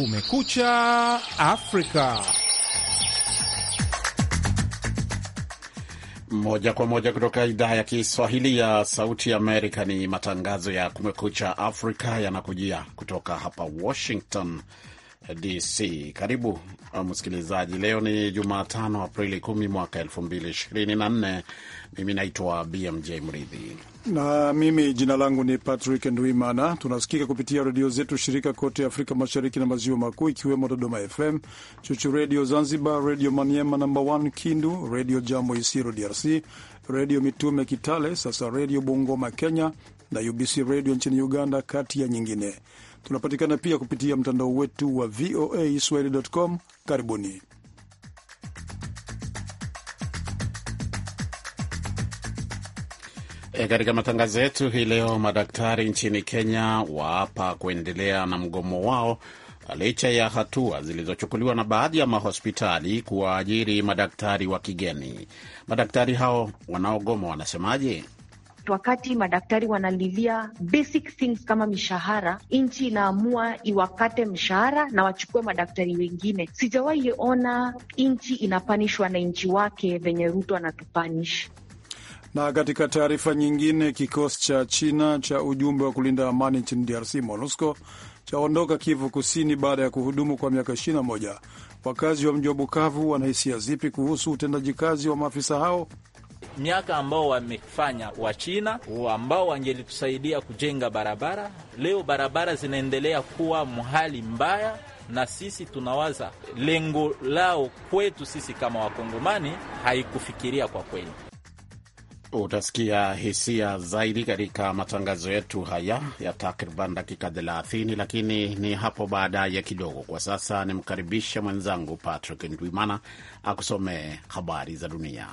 Kumekucha Afrika. Moja kwa moja kutoka idhaa ya Kiswahili ya Sauti Amerika. Ni matangazo ya Kumekucha Afrika yanakujia kutoka hapa Washington DC. Karibu uh, msikilizaji, leo ni Jumatano, Aprili 10 mwaka 2024. Mimi naitwa BMJ Mridhi na mimi jina langu ni Patrick Ndwimana. Tunasikika kupitia redio zetu shirika kote Afrika Mashariki na Maziwa Makuu, ikiwemo Dodoma FM, Chuchu Redio Zanzibar, Redio Maniema namba 1 Kindu, Redio Jambo Isiro DRC, Redio Mitume Kitale, sasa Redio Bungoma Kenya na UBC Redio nchini Uganda, kati ya nyingine. Tunapatikana pia kupitia mtandao wetu wa VOA Swahili.com. Karibuni. E, katika matangazo yetu hii leo, madaktari nchini Kenya waapa kuendelea na mgomo wao licha ya hatua zilizochukuliwa na baadhi ya mahospitali kuwaajiri madaktari wa kigeni. Madaktari hao wanaogoma wanasemaje? Wakati madaktari wanalilia basic things kama mishahara, nchi inaamua iwakate mshahara na wachukue madaktari wengine. Sijawahi ona nchi inapanishwa na nchi wake venye Ruto anatupanish. Na katika taarifa nyingine, kikosi cha China cha ujumbe wa kulinda amani nchini DRC MONUSCO chaondoka Kivu Kusini baada ya kuhudumu kwa miaka 21. Wakazi wa mji wa Bukavu wanahisia zipi kuhusu utendaji kazi wa maafisa hao? Miaka ambao wamefanya wa China ambao wangelitusaidia kujenga barabara, leo barabara zinaendelea kuwa mhali mbaya, na sisi tunawaza lengo lao kwetu sisi kama Wakongomani haikufikiria kwa kweli. Utasikia hisia zaidi katika matangazo yetu haya ya takriban dakika 30, lakini ni hapo baadaye kidogo. Kwa sasa nimkaribisha mwenzangu Patrick Ndwimana akusomee habari za dunia.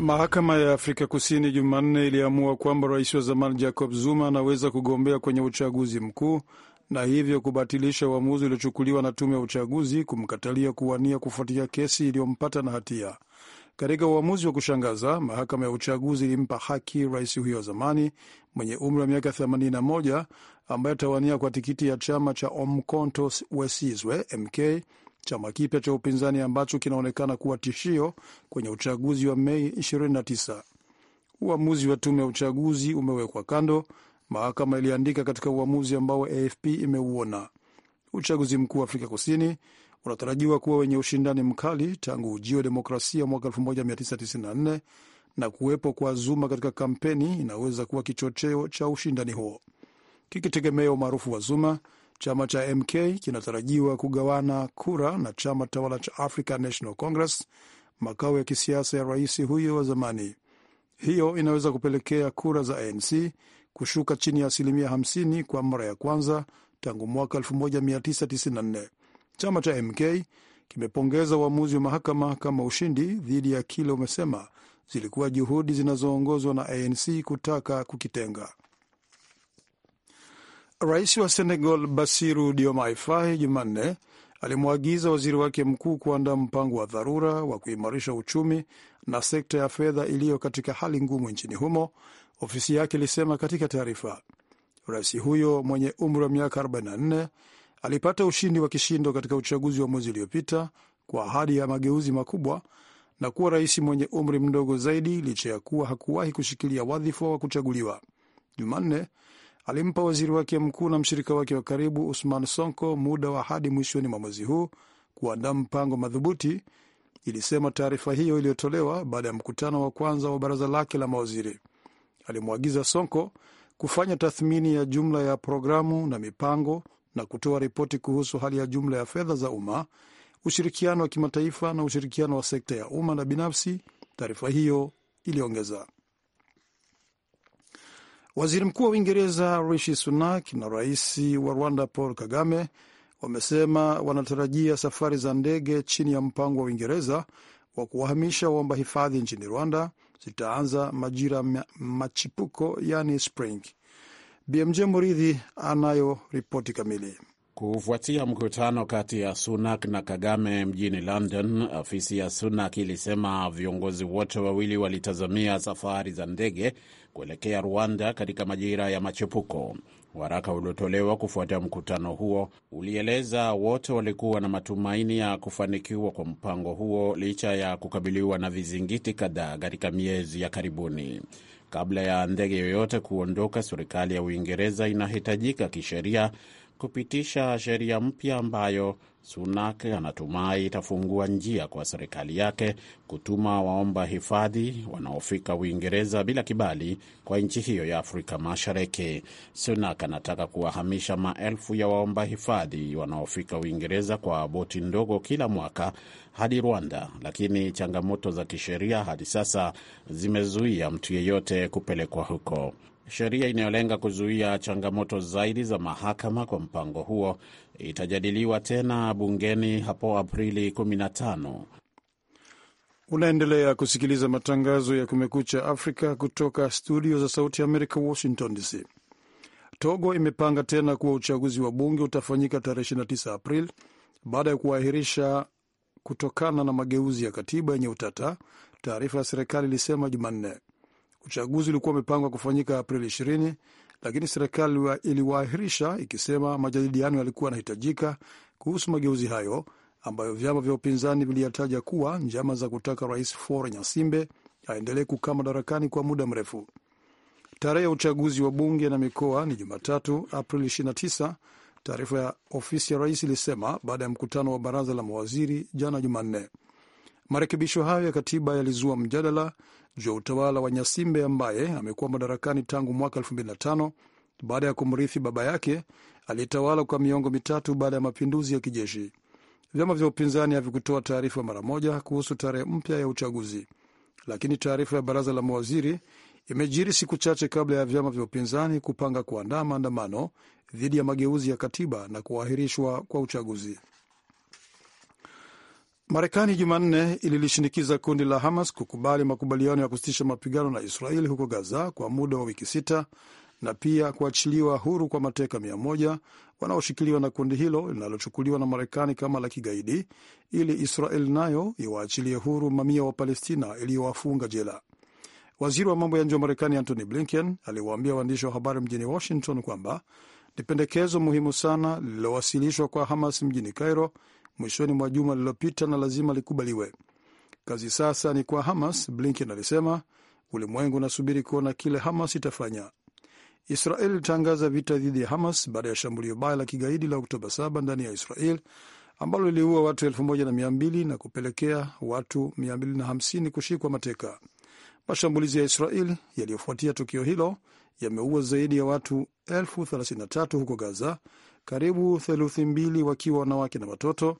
Mahakama ya Afrika Kusini Jumanne iliamua kwamba rais wa zamani Jacob Zuma anaweza kugombea kwenye uchaguzi mkuu na hivyo kubatilisha uamuzi uliochukuliwa na tume ya uchaguzi kumkatalia kuwania kufuatia kesi iliyompata na hatia. Katika uamuzi wa kushangaza, mahakama ya uchaguzi ilimpa haki rais huyo wa zamani mwenye umri wa miaka 81 ambaye atawania kwa tikiti ya chama cha Omkhonto Wesizwe MK, chama kipya cha upinzani ambacho kinaonekana kuwa tishio kwenye uchaguzi wa Mei 29. Uamuzi wa tume ya uchaguzi umewekwa kando mahakama iliandika katika uamuzi ambao AFP imeuona. Uchaguzi mkuu wa Afrika Kusini unatarajiwa kuwa wenye ushindani mkali tangu ujio wa demokrasia mwaka 1994 na kuwepo kwa Zuma katika kampeni inaweza kuwa kichocheo cha ushindani huo. Kikitegemea umaarufu wa Zuma, chama cha MK kinatarajiwa kugawana kura na chama tawala cha African National Congress, makao ya kisiasa ya rais huyo wa zamani. Hiyo inaweza kupelekea kura za ANC kushuka chini ya asilimia 50 kwa mara ya kwanza tangu mwaka 1994. Chama cha MK kimepongeza uamuzi wa mahakama kama ushindi dhidi ya kile umesema zilikuwa juhudi zinazoongozwa na ANC kutaka kukitenga. Rais wa Senegal Basiru Diomaye Faye Jumanne alimwagiza waziri wake mkuu kuandaa mpango wa dharura wa kuimarisha uchumi na sekta ya fedha iliyo katika hali ngumu nchini humo, ofisi yake ilisema katika taarifa. Rais huyo mwenye umri wa miaka 44 alipata ushindi wa kishindo katika uchaguzi wa mwezi uliopita kwa ahadi ya mageuzi makubwa na kuwa rais mwenye umri mdogo zaidi licha ya kuwa hakuwahi kushikilia wadhifa wa kuchaguliwa. Jumanne alimpa waziri wake mkuu na mshirika wake wa karibu Usman Sonko muda wa hadi mwishoni mwa mwezi huu kuandaa mpango madhubuti ilisema taarifa hiyo iliyotolewa baada ya mkutano wa kwanza wa baraza lake la mawaziri. Alimwagiza Sonko kufanya tathmini ya jumla ya programu na mipango na kutoa ripoti kuhusu hali ya jumla ya fedha za umma, ushirikiano wa kimataifa na ushirikiano wa sekta ya umma na binafsi, taarifa hiyo iliongeza. Waziri Mkuu wa Uingereza Rishi Sunak na rais wa Rwanda Paul Kagame wamesema wanatarajia safari za ndege chini ya mpango wa Uingereza wa kuwahamisha waomba hifadhi nchini Rwanda zitaanza majira machipuko, yani spring. BMJ Muridhi anayo ripoti kamili. Kufuatia mkutano kati ya Sunak na Kagame mjini London, afisi ya Sunak ilisema viongozi wote wawili walitazamia safari za ndege kuelekea Rwanda katika majira ya machipuko. Waraka uliotolewa kufuatia mkutano huo ulieleza wote walikuwa na matumaini ya kufanikiwa kwa mpango huo licha ya kukabiliwa na vizingiti kadhaa katika miezi ya karibuni. Kabla ya ndege yoyote kuondoka, serikali ya Uingereza inahitajika kisheria kupitisha sheria mpya ambayo Sunak anatumai itafungua njia kwa serikali yake kutuma waomba hifadhi wanaofika Uingereza bila kibali kwa nchi hiyo ya Afrika Mashariki. Sunak anataka kuwahamisha maelfu ya waomba hifadhi wanaofika Uingereza kwa boti ndogo kila mwaka hadi Rwanda, lakini changamoto za kisheria hadi sasa zimezuia mtu yeyote kupelekwa huko. Sheria inayolenga kuzuia changamoto zaidi za mahakama kwa mpango huo itajadiliwa tena bungeni hapo Aprili 15. Unaendelea kusikiliza matangazo ya Kumekucha Afrika kutoka studio za Sauti ya Amerika, Washington DC. Togo imepanga tena kuwa uchaguzi wa bunge utafanyika tarehe 29 Aprili baada ya kuahirisha kutokana na mageuzi ya katiba yenye utata, taarifa ya serikali ilisema Jumanne. Uchaguzi ulikuwa umepangwa kufanyika Aprili ishirini, lakini serikali iliwaahirisha ikisema majadiliano yalikuwa yanahitajika kuhusu mageuzi hayo ambayo vyama vya upinzani viliyataja kuwa njama za kutaka rais Faure Nyasimbe aendelee kukaa madarakani kwa muda mrefu. Tarehe ya uchaguzi wa bunge na mikoa ni Jumatatu, Aprili 29, taarifa ya ofisi ya rais ilisema baada ya mkutano wa baraza la mawaziri jana Jumanne. Marekebisho hayo ya katiba yalizua mjadala juu ya utawala wa Nyasimbe ambaye amekuwa madarakani tangu mwaka 2005 baada ya kumrithi baba yake aliyetawala kwa miongo mitatu baada ya mapinduzi ya kijeshi. Vyama vya upinzani havikutoa taarifa mara moja kuhusu tarehe mpya ya uchaguzi, lakini taarifa ya baraza la mawaziri imejiri siku chache kabla ya vyama vya upinzani kupanga kuandaa maandamano dhidi ya mageuzi ya katiba na kuahirishwa kwa uchaguzi. Marekani Jumanne ililishinikiza kundi la Hamas kukubali makubaliano ya kusitisha mapigano na Israeli huko Gaza kwa muda wa wiki sita na pia kuachiliwa huru kwa mateka mia moja wanaoshikiliwa na kundi hilo linalochukuliwa na Marekani kama la kigaidi ili israel nayo iwaachilie huru mamia wa Palestina iliyowafunga jela. Waziri wa mambo ya nje wa Marekani Antony Blinken aliwaambia waandishi wa habari mjini Washington kwamba ni pendekezo muhimu sana lililowasilishwa kwa Hamas mjini Cairo mwishoni mwa juma lililopita na lazima likubaliwe. Kazi sasa ni kwa Hamas, Blinken alisema. Ulimwengu unasubiri kuona kile Hamas itafanya. Israel ilitangaza vita dhidi ya Hamas baada ya shambulio baya la kigaidi la Oktoba 7 ndani ya Israel ambalo liliua watu 1200 na kupelekea watu 250 kushikwa mateka. Mashambulizi ya Israel yaliyofuatia tukio hilo yameua zaidi ya watu 33 huko Gaza, karibu theluthi mbili wakiwa wanawake na watoto,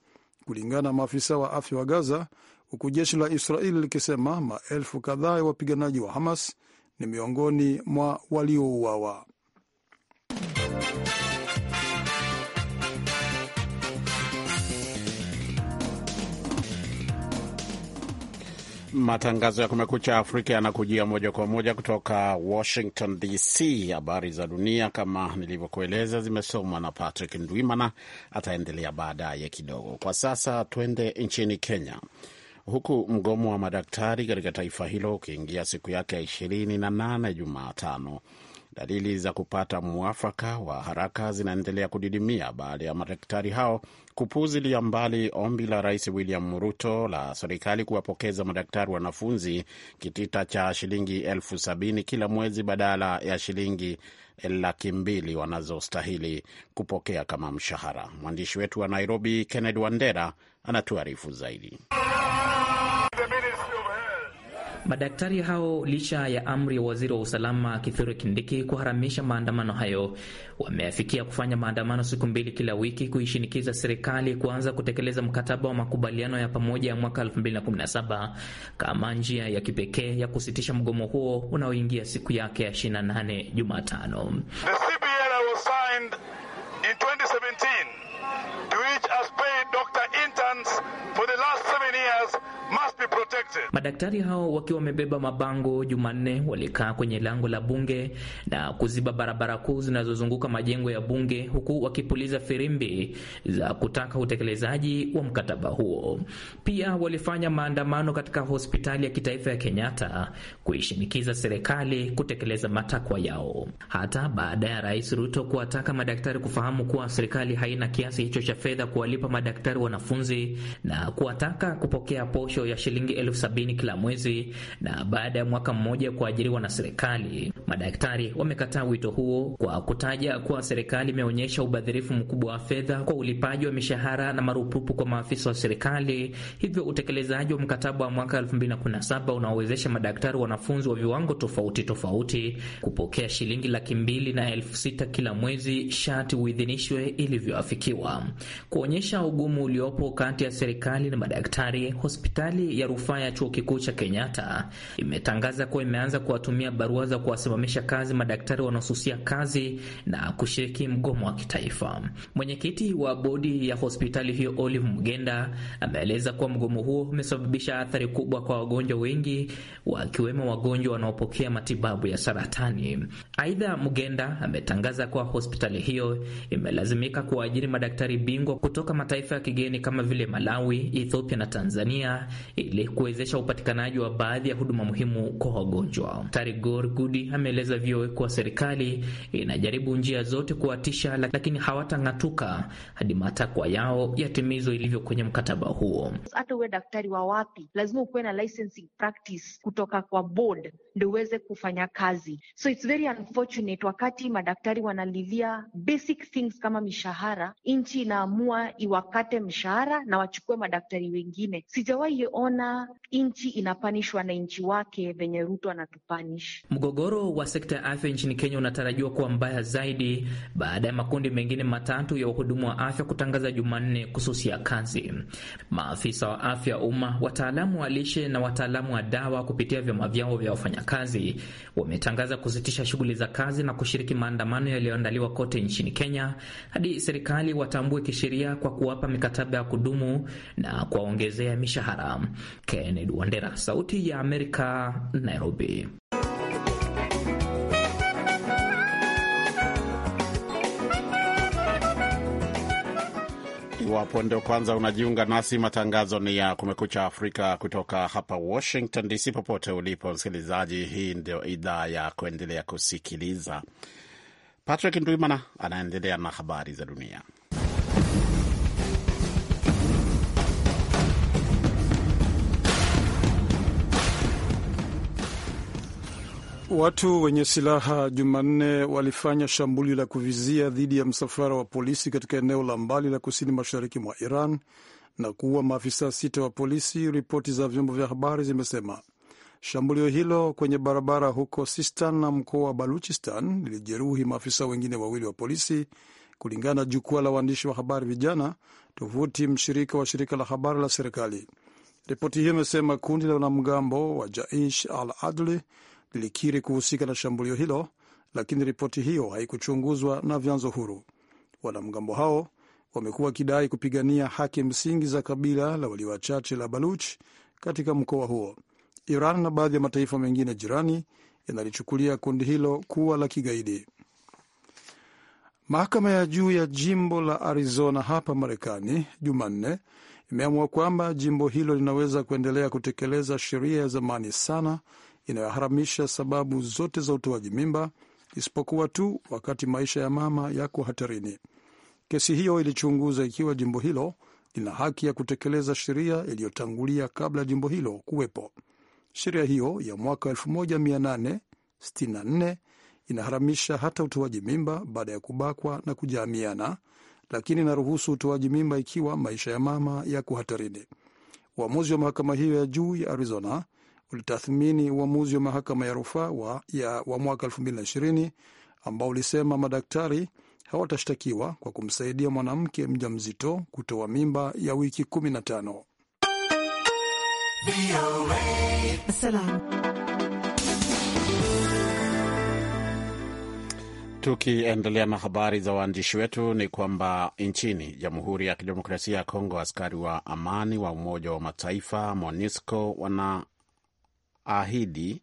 kulingana na maafisa wa afya wa Gaza, huku jeshi la Israeli likisema maelfu kadhaa ya wapiganaji wa Hamas ni miongoni mwa waliouawa. Matangazo ya Kumekucha Afrika yanakujia moja kwa moja kutoka Washington DC. Habari za dunia kama nilivyokueleza zimesomwa na Patrick Ndwimana, ataendelea baadaye kidogo. Kwa sasa twende nchini Kenya, huku mgomo wa madaktari katika taifa hilo ukiingia siku yake ya ishirini na nane Jumatano. Dalili za kupata mwafaka wa haraka zinaendelea kudidimia baada ya madaktari hao kupuzilia mbali ombi la Rais William Ruto la serikali kuwapokeza madaktari wanafunzi kitita cha shilingi elfu sabini kila mwezi badala ya shilingi laki mbili wanazostahili kupokea kama mshahara. Mwandishi wetu wa Nairobi, Kennedy Wandera, anatuarifu zaidi. Madaktari hao licha ya amri ya waziri wa usalama Kithure Kindiki kuharamisha maandamano hayo, wameafikia kufanya maandamano siku mbili kila wiki kuishinikiza serikali kuanza kutekeleza mkataba wa makubaliano ya pamoja ya mwaka 2017 kama njia ya kipekee ya kusitisha mgomo huo unaoingia siku yake ya 28 Jumatano. Madaktari hao wakiwa wamebeba mabango Jumanne walikaa kwenye lango la bunge na kuziba barabara kuu zinazozunguka majengo ya bunge huku wakipuliza firimbi za kutaka utekelezaji wa mkataba huo. Pia walifanya maandamano katika hospitali ya kitaifa ya Kenyatta kuishinikiza serikali kutekeleza matakwa yao, hata baada ya Rais Ruto kuwataka madaktari kufahamu kuwa serikali haina kiasi hicho cha fedha kuwalipa madaktari wanafunzi na kuwataka kupokea posho ya shilingi elfu sabini kila mwezi na baada ya mwaka mmoja kuajiriwa na serikali. Madaktari wamekataa wito huo kwa kutaja kuwa serikali imeonyesha ubadhirifu mkubwa wa fedha kwa ulipaji wa mishahara na marupupu kwa maafisa wa serikali, hivyo utekelezaji wa mkataba wa mwaka 2017 unaowezesha madaktari wanafunzi wa viwango tofauti tofauti kupokea shilingi laki mbili na elfu sita kila mwezi shati uidhinishwe ilivyoafikiwa, kuonyesha ugumu uliopo kati ya serikali na madaktari. Hospitali ya rufaa rufaa ya chuo kikuu cha Kenyatta imetangaza kuwa imeanza kuwatumia barua za kuwasimamisha kazi madaktari wanaosusia kazi na kushiriki mgomo wa kitaifa. Mwenyekiti wa bodi ya hospitali hiyo Olive Mgenda ameeleza kuwa mgomo huo umesababisha athari kubwa kwa wagonjwa wengi, wakiwemo wagonjwa wanaopokea matibabu ya saratani. Aidha, Mgenda ametangaza kuwa hospitali hiyo imelazimika kuwaajiri madaktari bingwa kutoka mataifa ya kigeni kama vile Malawi, Ethiopia na Tanzania ili kuwezesha upatikanaji wa baadhi ya huduma muhimu kwa wagonjwa. Tarigor Gudi ameeleza VOA kuwa serikali inajaribu njia zote kuwatisha, lakini hawatang'atuka hadi matakwa yao yatimizwe ilivyo kwenye mkataba huo. Hata uwe daktari wa wapi, lazima ukuwe na licensing practice kutoka kwa board ndo uweze kufanya kazi. So it's very unfortunate wakati madaktari wanalivia basic things kama mishahara, nchi inaamua iwakate mshahara na wachukue madaktari wengine. Sijawahi ona nchi inapanishwa na nchi wake venye Ruto anatupanish. Mgogoro wa sekta ya afya nchini Kenya unatarajiwa kuwa mbaya zaidi baada ya makundi mengine matatu ya wahudumu wa afya kutangaza Jumanne kususia kazi. Maafisa wa afya umma, wataalamu wa lishe na wataalamu wa dawa kupitia vyama vyao vya wafanya kazi wametangaza kusitisha shughuli za kazi na kushiriki maandamano yaliyoandaliwa kote nchini Kenya hadi serikali watambue kisheria kwa kuwapa mikataba ya kudumu na kuwaongezea mishahara. Kennedy Wandera, Sauti ya Amerika, Nairobi. iwapo ndio kwanza unajiunga nasi, matangazo ni ya Kumekucha Afrika kutoka hapa Washington DC. Popote ulipo msikilizaji, hii ndio idhaa ya kuendelea kusikiliza. Patrick Ndwimana anaendelea na habari za dunia. Watu wenye silaha Jumanne walifanya shambulio la kuvizia dhidi ya msafara wa polisi katika eneo la mbali la kusini mashariki mwa Iran na kuua maafisa sita wa polisi, ripoti za vyombo vya habari zimesema. Shambulio hilo kwenye barabara huko Sistan na mkoa wa Baluchistan lilijeruhi maafisa wengine wawili wa polisi, kulingana na jukwaa la waandishi wa habari vijana, tovuti mshirika wa shirika la habari la serikali. Ripoti hiyo imesema kundi la wanamgambo wa Jaish al Adli likiri kuhusika na shambulio hilo, lakini ripoti hiyo haikuchunguzwa na vyanzo huru. Wanamgambo hao wamekuwa wakidai kupigania haki msingi za kabila la walio wachache la Baluch katika mkoa huo. Iran na baadhi ya mataifa mengine jirani yanalichukulia kundi hilo kuwa la kigaidi. Mahakama ya juu ya jimbo la Arizona hapa Marekani Jumanne imeamua kwamba jimbo hilo linaweza kuendelea kutekeleza sheria ya zamani sana inayoharamisha sababu zote za utoaji mimba isipokuwa tu wakati maisha ya mama yako hatarini. Kesi hiyo ilichunguza ikiwa jimbo hilo lina haki ya kutekeleza sheria iliyotangulia kabla jimbo hilo kuwepo. Sheria hiyo ya mwaka 1864 inaharamisha hata utoaji mimba baada ya kubakwa na kujaamiana, lakini inaruhusu utoaji mimba ikiwa maisha ya mama yako hatarini. Uamuzi wa mahakama hiyo ya juu ya Arizona ulitathmini uamuzi wa mahakama ya rufaa wa, wa mwaka 2020 ambao ulisema madaktari hawatashtakiwa kwa kumsaidia mwanamke mja mzito kutoa mimba ya wiki 15. Tukiendelea na habari za waandishi wetu ni kwamba nchini Jamhuri ya Kidemokrasia ya Kongo, askari wa amani wa Umoja wa Mataifa MONUSCO wana ahidi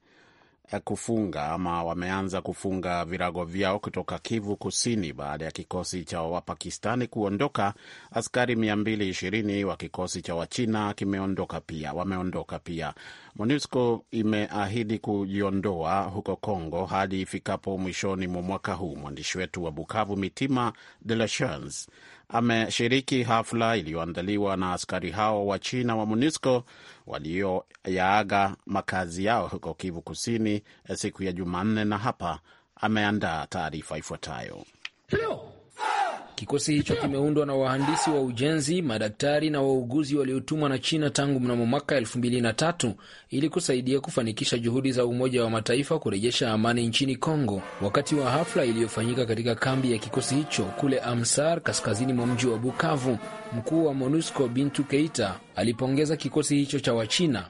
eh, kufunga ama wameanza kufunga virago vyao kutoka Kivu Kusini baada ya kikosi cha Wapakistani kuondoka. Askari 220 wa kikosi cha Wachina kimeondoka pia, wameondoka pia. MONUSCO imeahidi kujiondoa huko Congo hadi ifikapo mwishoni mwa mwaka huu. Mwandishi wetu wa Bukavu, Mitima De La Chance, ameshiriki hafla iliyoandaliwa na askari hao wa China wa MONUSCO walioyaaga makazi yao huko Kivu Kusini siku ya Jumanne, na hapa ameandaa taarifa ifuatayo. Kikosi hicho kimeundwa na wahandisi wa ujenzi, madaktari na wauguzi waliotumwa na China tangu mnamo mwaka tatu ili kusaidia kufanikisha juhudi za Umoja wa Mataifa kurejesha amani nchini Kongo. Wakati wa hafla iliyofanyika katika kambi ya kikosi hicho kule Amsar, kaskazini mwa mji wa Bukavu, mkuu wa MONUSCO Bintu Keita alipongeza kikosi hicho cha Wachina.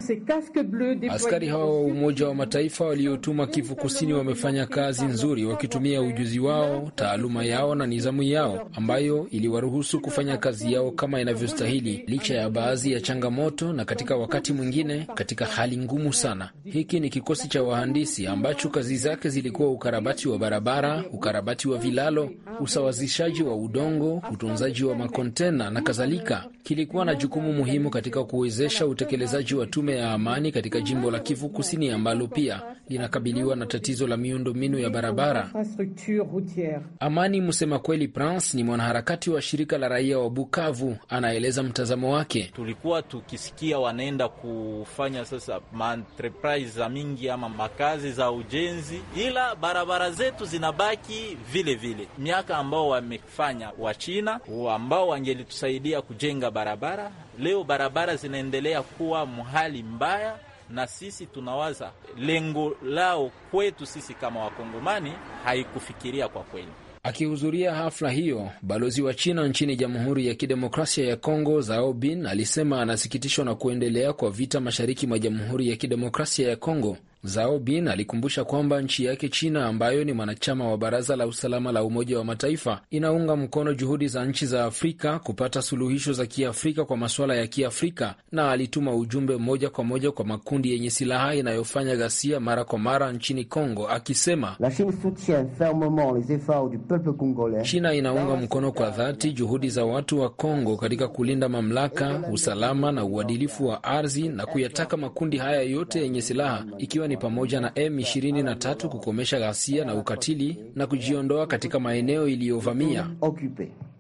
Askari hawa wa Umoja wa Mataifa waliotuma Kivu Kusini wamefanya kazi nzuri wakitumia ujuzi wao, taaluma yao na nizamu yao ambayo iliwaruhusu kufanya kazi yao kama inavyostahili licha ya baadhi ya changamoto na katika wakati mwingine katika hali ngumu sana. Hiki ni kikosi cha wahandisi ambacho kazi zake zilikuwa ukarabati wa barabara, ukarabati wa vilalo, usawazishaji wa udongo, utunzaji wa makontena na kadhalika kilikuwa na jukumu muhimu katika kuwezesha utekelezaji wa tume ya amani katika jimbo la Kivu Kusini ambalo pia linakabiliwa na tatizo la miundombinu ya barabara. Amani Musema Kweli Prince ni mwanaharakati wa shirika la raia wa Bukavu, anaeleza mtazamo wake. Tulikuwa tukisikia wanaenda kufanya sasa maentreprise za mingi ama makazi za ujenzi, ila barabara zetu zinabaki vilevile vile. Miaka ambao wamefanya Wachina ambao wangelitusaidia kujenga barabara. Leo barabara zinaendelea kuwa mhali mbaya, na sisi tunawaza lengo lao kwetu sisi kama Wakongomani haikufikiria kwa kweli. Akihudhuria hafla hiyo, balozi wa China nchini Jamhuri ya Kidemokrasia ya Kongo zaobin Bin alisema anasikitishwa na kuendelea kwa vita mashariki mwa Jamhuri ya Kidemokrasia ya Kongo zao Bin alikumbusha kwamba nchi yake China ambayo ni mwanachama wa Baraza la Usalama la Umoja wa Mataifa inaunga mkono juhudi za nchi za Afrika kupata suluhisho za Kiafrika kwa masuala ya Kiafrika, na alituma ujumbe moja kwa moja kwa makundi yenye silaha inayofanya ghasia mara kwa mara nchini Kongo akisema, China inaunga mkono kwa dhati juhudi za watu wa Kongo katika kulinda mamlaka, usalama na uadilifu wa ardhi na kuyataka makundi haya yote yenye silaha ikiwa ni pamoja na M23 kukomesha ghasia na ukatili na kujiondoa katika maeneo iliyovamia.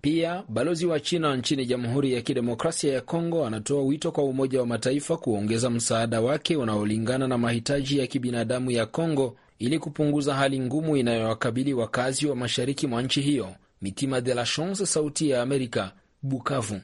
Pia balozi wa China nchini Jamhuri ya Kidemokrasia ya Kongo anatoa wito kwa Umoja wa Mataifa kuongeza msaada wake unaolingana na mahitaji ya kibinadamu ya Kongo ili kupunguza hali ngumu inayowakabili wakazi wa mashariki mwa nchi hiyo. Mitima de la Chance, Sauti ya Amerika, Bukavu.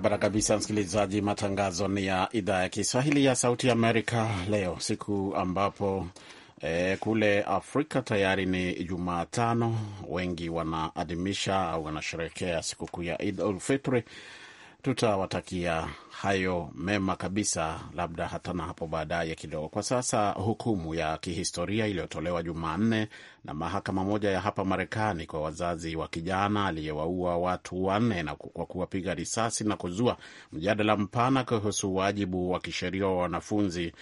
Barabara kabisa, msikilizaji. Matangazo ni ya idhaa ya Kiswahili ya Sauti ya Amerika. Leo siku ambapo E, kule Afrika tayari ni Jumatano, wengi wanaadhimisha au wanasherehekea sikukuu ya Eid Fitri. Tutawatakia hayo mema kabisa, labda hatana hapo baadaye kidogo. Kwa sasa, hukumu ya kihistoria iliyotolewa Jumanne na mahakama moja ya hapa Marekani kwa wazazi wa kijana aliyewaua watu wanne na kwa kuwapiga risasi na kuzua mjadala mpana kuhusu wajibu wa kisheria wa wanafunzi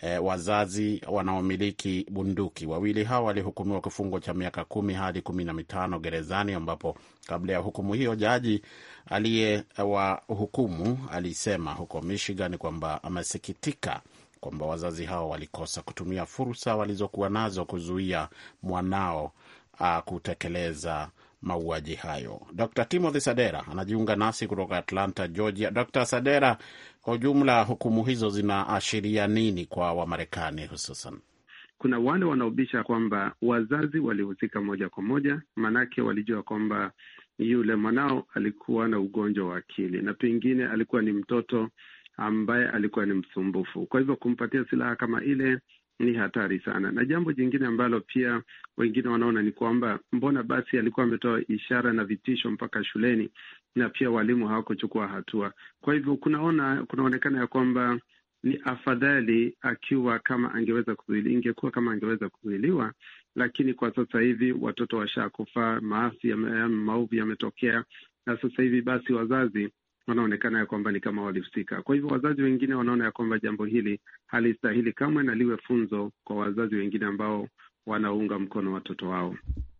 e, wazazi wanaomiliki bunduki. Wawili hao walihukumiwa kifungo cha miaka kumi hadi kumi na mitano gerezani, ambapo kabla ya hukumu hiyo jaji aliyewahukumu alisema amesema huko Michigan kwamba amesikitika kwamba wazazi hao walikosa kutumia fursa walizokuwa nazo kuzuia mwanao a uh, kutekeleza mauaji hayo. Dr Timothy Sadera anajiunga nasi kutoka Atlanta, Georgia. Dr Sadera, kwa ujumla hukumu hizo zinaashiria nini kwa Wamarekani hususan? Kuna wale wanaobisha kwamba wazazi walihusika moja kwa moja, maanake walijua kwamba yule mwanao alikuwa na ugonjwa wa akili na pengine alikuwa ni mtoto ambaye alikuwa ni msumbufu. Kwa hivyo kumpatia silaha kama ile ni hatari sana. Na jambo jingine ambalo pia wengine wanaona ni kwamba mbona basi alikuwa ametoa ishara na vitisho mpaka shuleni, na pia walimu hawakuchukua hatua. Kwa hivyo kunaona kunaonekana ya kwamba ni afadhali akiwa kama angeweza kuzuili, ingekuwa kama angeweza kuzuiliwa, lakini kwa sasa hivi watoto washakufa, maasi ya maovu yametokea, na sasa hivi basi wazazi wanaonekana ya kwamba ni kama walihusika. Kwa hivyo wazazi wengine wanaona ya kwamba jambo hili halistahili kamwe na liwe funzo kwa wazazi wengine ambao wanaunga mkono watoto wao.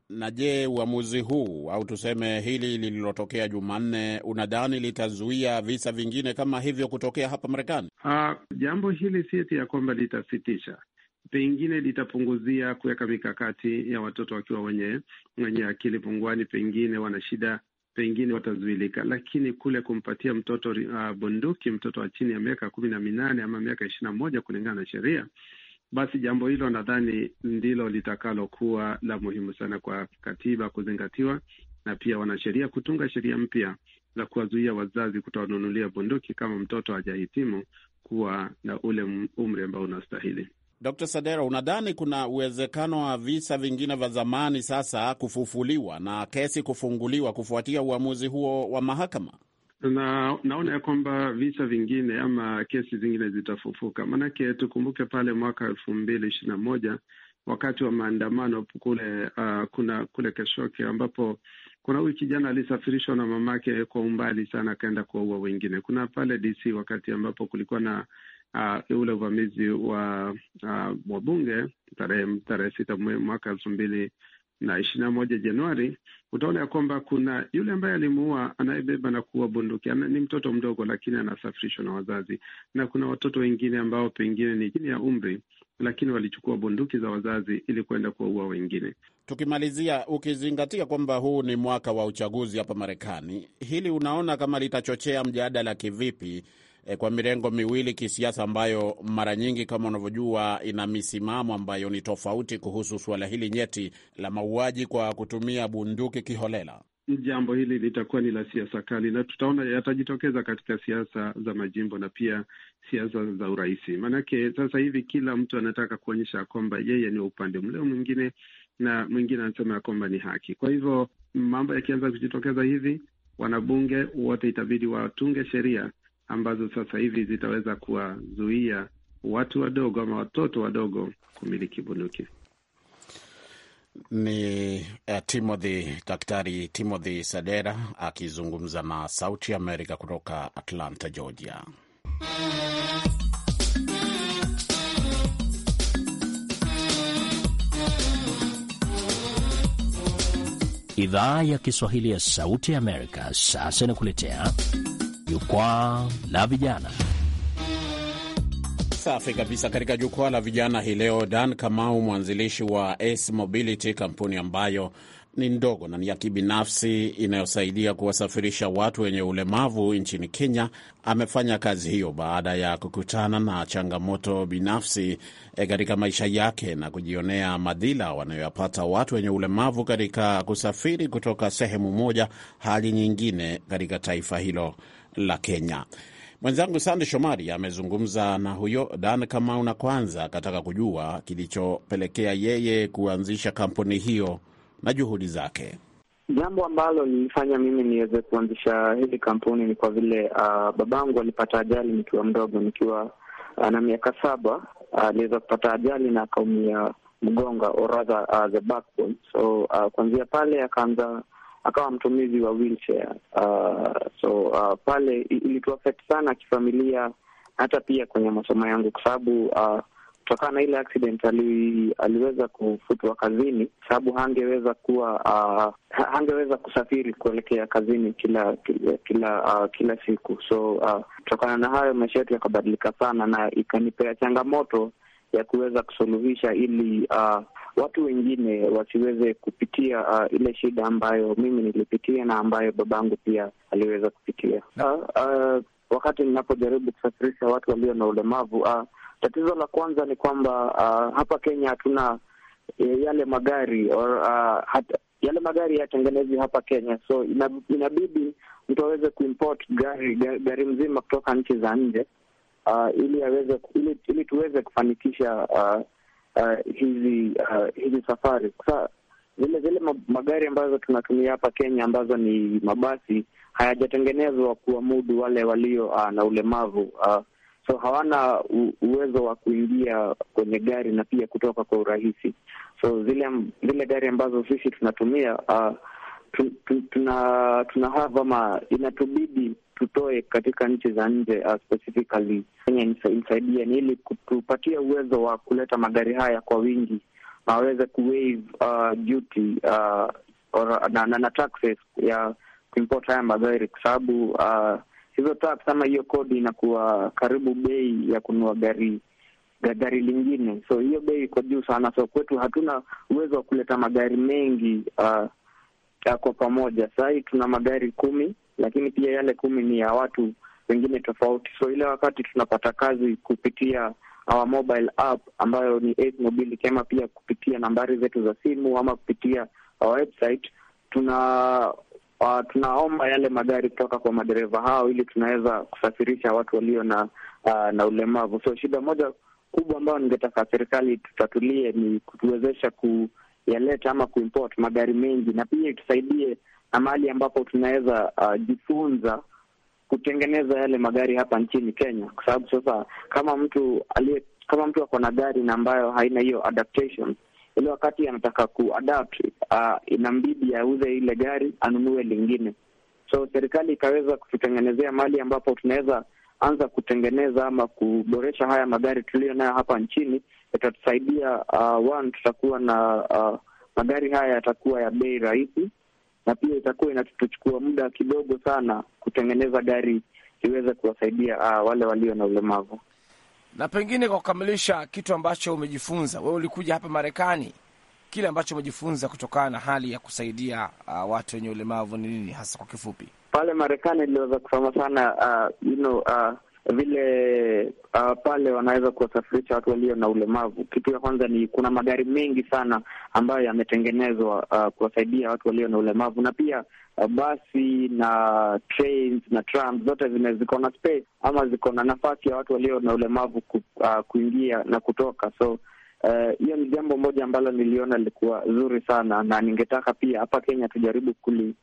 Na je, uamuzi huu au tuseme hili lililotokea Jumanne, unadhani litazuia visa vingine kama hivyo kutokea hapa Marekani? Uh, jambo hili si eti ya kwamba litasitisha pengine litapunguzia kuweka mikakati ya watoto wakiwa wenye wenye akili pungwani pengine wana shida, pengine watazuilika. Lakini kule kumpatia mtoto uh, bunduki mtoto wa chini ya miaka kumi na minane ama miaka ishirini na moja kulingana na sheria basi jambo hilo nadhani ndilo litakalokuwa la muhimu sana kwa katiba kuzingatiwa, na pia wanasheria kutunga sheria mpya za kuwazuia wazazi kutowanunulia bunduki kama mtoto hajahitimu kuwa na ule umri ambao unastahili. Dr. Sadera, unadhani kuna uwezekano wa visa vingine vya zamani sasa kufufuliwa na kesi kufunguliwa kufuatia uamuzi huo wa mahakama? na naona ya kwamba visa vingine ama kesi zingine zitafufuka. Maanake tukumbuke pale mwaka elfu mbili ishirini na moja wakati wa maandamano kule uh, kuna kule Keshoke ambapo kuna huyu kijana alisafirishwa na mamake kwa umbali sana akaenda kuwaua wengine. Kuna pale DC wakati ambapo kulikuwa na uh, ule uvamizi wa uh, ah, wabunge tarehe tarehe sita mwaka elfu mbili na ishirini na moja Januari, utaona ya kwamba kuna yule ambaye alimuua anayebeba na kuua bunduki ana, ni mtoto mdogo, lakini anasafirishwa na wazazi, na kuna watoto wengine ambao pengine ni chini ya umri, lakini walichukua bunduki za wazazi ili kuenda kuwaua wengine. Tukimalizia, ukizingatia kwamba huu ni mwaka wa uchaguzi hapa Marekani, hili unaona kama litachochea mjadala kivipi? e, kwa mirengo miwili kisiasa, ambayo mara nyingi kama unavyojua ina misimamo ambayo ni tofauti kuhusu suala hili nyeti la mauaji kwa kutumia bunduki kiholela. Jambo hili litakuwa ni la siasa kali na tutaona yatajitokeza katika siasa za majimbo na pia siasa za urahisi Maanake sasa hivi kila mtu anataka kuonyesha kwamba yeye ni upande mleo mwingine, na mwingine anasema ya kwamba ni haki. Kwa hivyo mambo yakianza kujitokeza hivi, wanabunge wote itabidi watunge sheria ambazo sasa hivi zitaweza kuwazuia watu wadogo ama watoto wadogo kumiliki bunduki. Ni uh, Timothy Daktari Timothy Sadera akizungumza na Sauti Amerika kutoka Atlanta, Georgia. Idhaa ya Kiswahili ya Sauti Amerika sasa inakuletea Jukwaa la Vijana. Safi kabisa. Katika jukwaa la vijana hii leo, Dan Kamau, mwanzilishi wa Ace Mobility, kampuni ambayo ni ndogo na ni ya kibinafsi inayosaidia kuwasafirisha watu wenye ulemavu nchini Kenya, amefanya kazi hiyo baada ya kukutana na changamoto binafsi e, katika maisha yake na kujionea madhila wanayoyapata watu wenye ulemavu katika kusafiri kutoka sehemu moja hadi nyingine katika taifa hilo la Kenya. Mwenzangu Sande Shomari amezungumza na huyo Dan Kamau na kwanza akataka kujua kilichopelekea yeye kuanzisha kampuni hiyo na juhudi zake. Jambo ambalo lilifanya mimi niweze kuanzisha hili kampuni ni kwa vile uh, babangu alipata ajali nikiwa mdogo, nikiwa uh, na miaka saba aliweza uh, kupata ajali na akaumia mgonga or rather uh, the backbone. So uh, kuanzia pale akaanza akawa mtumizi wa wheelchair. Uh, so uh, pale ilituaffect sana kifamilia, hata pia kwenye masomo yangu kwa sababu uh, kutokana na ile accident ali, aliweza kufutwa kazini sababu hangeweza kuwa uh, hangeweza kusafiri kuelekea kazini kila kila kila, uh, kila siku. So uh, kutokana uh, na hayo maisha yetu yakabadilika sana, na ikanipea changamoto ya kuweza kusuluhisha ili uh, watu wengine wasiweze kupitia uh, ile shida ambayo mimi nilipitia na ambayo babangu pia aliweza kupitia uh, uh, wakati ninapojaribu kusafirisha watu walio na ulemavu uh, tatizo la kwanza ni kwamba uh, hapa Kenya hatuna eh, yale magari or, uh, hat, yale magari yatengenezwi hapa Kenya, so inabidi mtu aweze kuimport gari gari mzima kutoka nchi za nje uh, ili aweze ili, ili tuweze kufanikisha uh, uh, hizi uh, hizi safari sasa zile zile magari ambazo tunatumia hapa Kenya ambazo ni mabasi hayajatengenezwa kuwamudu wale walio uh, na ulemavu uh, so hawana uwezo wa kuingia kwenye gari na pia kutoka kwa urahisi. So zile zile gari ambazo sisi tunatumia uh, tuna tuna have ama inatubidi tutoe katika nchi za nje uh, specifically Kenya imsaidia ni ili kutupatia uwezo wa kuleta magari haya kwa wingi na waweze kuwaive uh, duty uh, or, na, na, na taxes ya kuimport haya magari kwa sababu uh, hizo tax ama hiyo kodi inakuwa karibu bei ya kunua gari gari lingine, so hiyo bei iko juu sana. So kwetu hatuna uwezo wa kuleta magari mengi uh, ya kwa pamoja. Saa hii tuna magari kumi, lakini pia yale kumi ni ya watu wengine tofauti. So ile wakati tunapata kazi kupitia our mobile app ambayo ni Ace Mobility, ama pia kupitia nambari zetu za simu ama kupitia our website, tuna uh, tunaomba yale magari kutoka kwa madereva hao ili tunaweza kusafirisha watu walio na uh, na ulemavu. So shida moja kubwa ambayo ningetaka serikali tutatulie ni kutuwezesha ku yaleta ama kuimport magari mengi, na pia itusaidie na mahali ambapo tunaweza uh, jifunza kutengeneza yale magari hapa nchini Kenya, kwa sababu sasa kama mtu aliye kama mtu ako na gari na ambayo haina hiyo adaptation, ile wakati anataka kuadapt uh, inambidi auze ile gari anunue lingine. So serikali ikaweza kututengenezea mali ambapo tunaweza anza kutengeneza ama kuboresha haya magari tuliyo nayo hapa nchini yatatusaidia. Uh, one tutakuwa na uh, magari haya yatakuwa ya bei rahisi, na pia itakuwa inatuchukua muda kidogo sana kutengeneza gari iweze kuwasaidia uh, wale walio na ulemavu. Na pengine kwa kukamilisha, kitu ambacho umejifunza wewe, ulikuja hapa Marekani, kile ambacho umejifunza kutokana na hali ya kusaidia uh, watu wenye ulemavu ni nini hasa, kwa kifupi? pale Marekani iliweza kusema sana uh, you know, uh, vile uh, pale wanaweza kuwasafirisha watu walio na ulemavu. Kitu ya kwanza ni kuna magari mengi sana ambayo yametengenezwa uh, kuwasaidia watu walio na ulemavu na pia uh, basi na trains na trams zote zime ziko na space ama ziko na nafasi ya watu walio na ulemavu ku, uh, kuingia na kutoka so Eh, hiyo uh, ni jambo moja ambalo niliona lilikuwa zuri sana, na ningetaka pia hapa Kenya tujaribu kuli,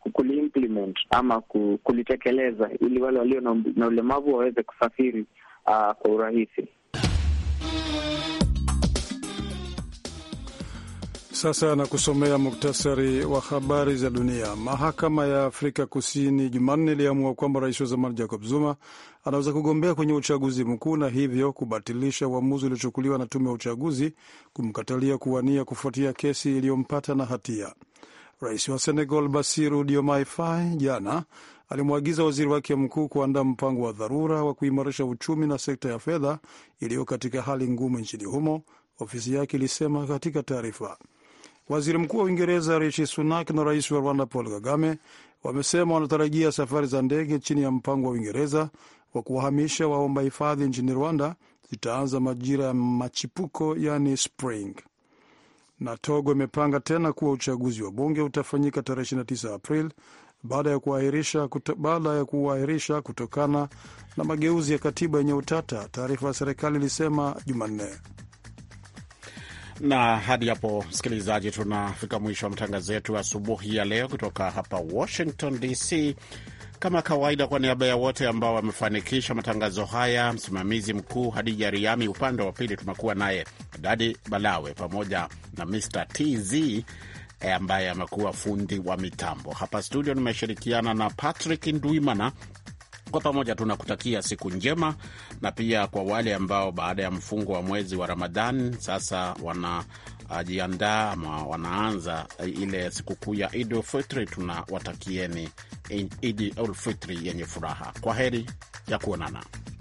ama kulitekeleza ili wale walio na ulemavu waweze kusafiri uh, kwa urahisi. Sasa na kusomea muktasari wa habari za dunia. Mahakama ya Afrika Kusini Jumanne iliamua kwamba rais wa zamani Jacob Zuma anaweza kugombea kwenye uchaguzi mkuu na hivyo kubatilisha uamuzi uliochukuliwa na tume ya uchaguzi kumkatalia kuwania kufuatia kesi iliyompata na hatia. Rais wa Senegal Basiru Diomaye Faye jana alimwagiza waziri wake mkuu kuandaa mpango wa dharura wa kuimarisha uchumi na sekta ya fedha iliyo katika hali ngumu nchini humo, ofisi yake ilisema katika taarifa. Waziri Mkuu wa Uingereza Rishi Sunak na rais wa Rwanda Paul Kagame wamesema wanatarajia safari za ndege chini ya mpango wa Uingereza wa kuwahamisha waomba hifadhi nchini Rwanda zitaanza majira ya machipuko, yani spring. Na Togo imepanga tena kuwa uchaguzi wa bunge utafanyika tarehe 29 April baada ya kuahirisha kuto, kutokana na mageuzi ya katiba yenye utata, taarifa ya serikali ilisema Jumanne. Na hadi hapo, msikilizaji, tunafika mwisho wa matangazo yetu asubuhi ya leo kutoka hapa Washington DC. Kama kawaida, kwa niaba ya wote ambao wamefanikisha matangazo haya, msimamizi mkuu Hadija Riami, upande wa pili tumekuwa naye Dadi Balawe pamoja na Mr TZ eh, ambaye amekuwa fundi wa mitambo hapa studio. Nimeshirikiana na Patrick Ndwimana. Kwa pamoja tunakutakia siku njema, na pia kwa wale ambao baada ya mfungo wa mwezi wa Ramadhan sasa wanajiandaa ama wanaanza ile sikukuu ya Idul tuna tunawatakieni Idi Ulfitri yenye furaha. Kwa heri ya kuonana.